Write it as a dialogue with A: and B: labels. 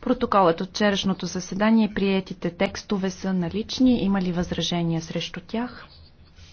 A: Протоколът от вчерашното заседание и приетите текстове са налични. Има ли възражения срещу тях?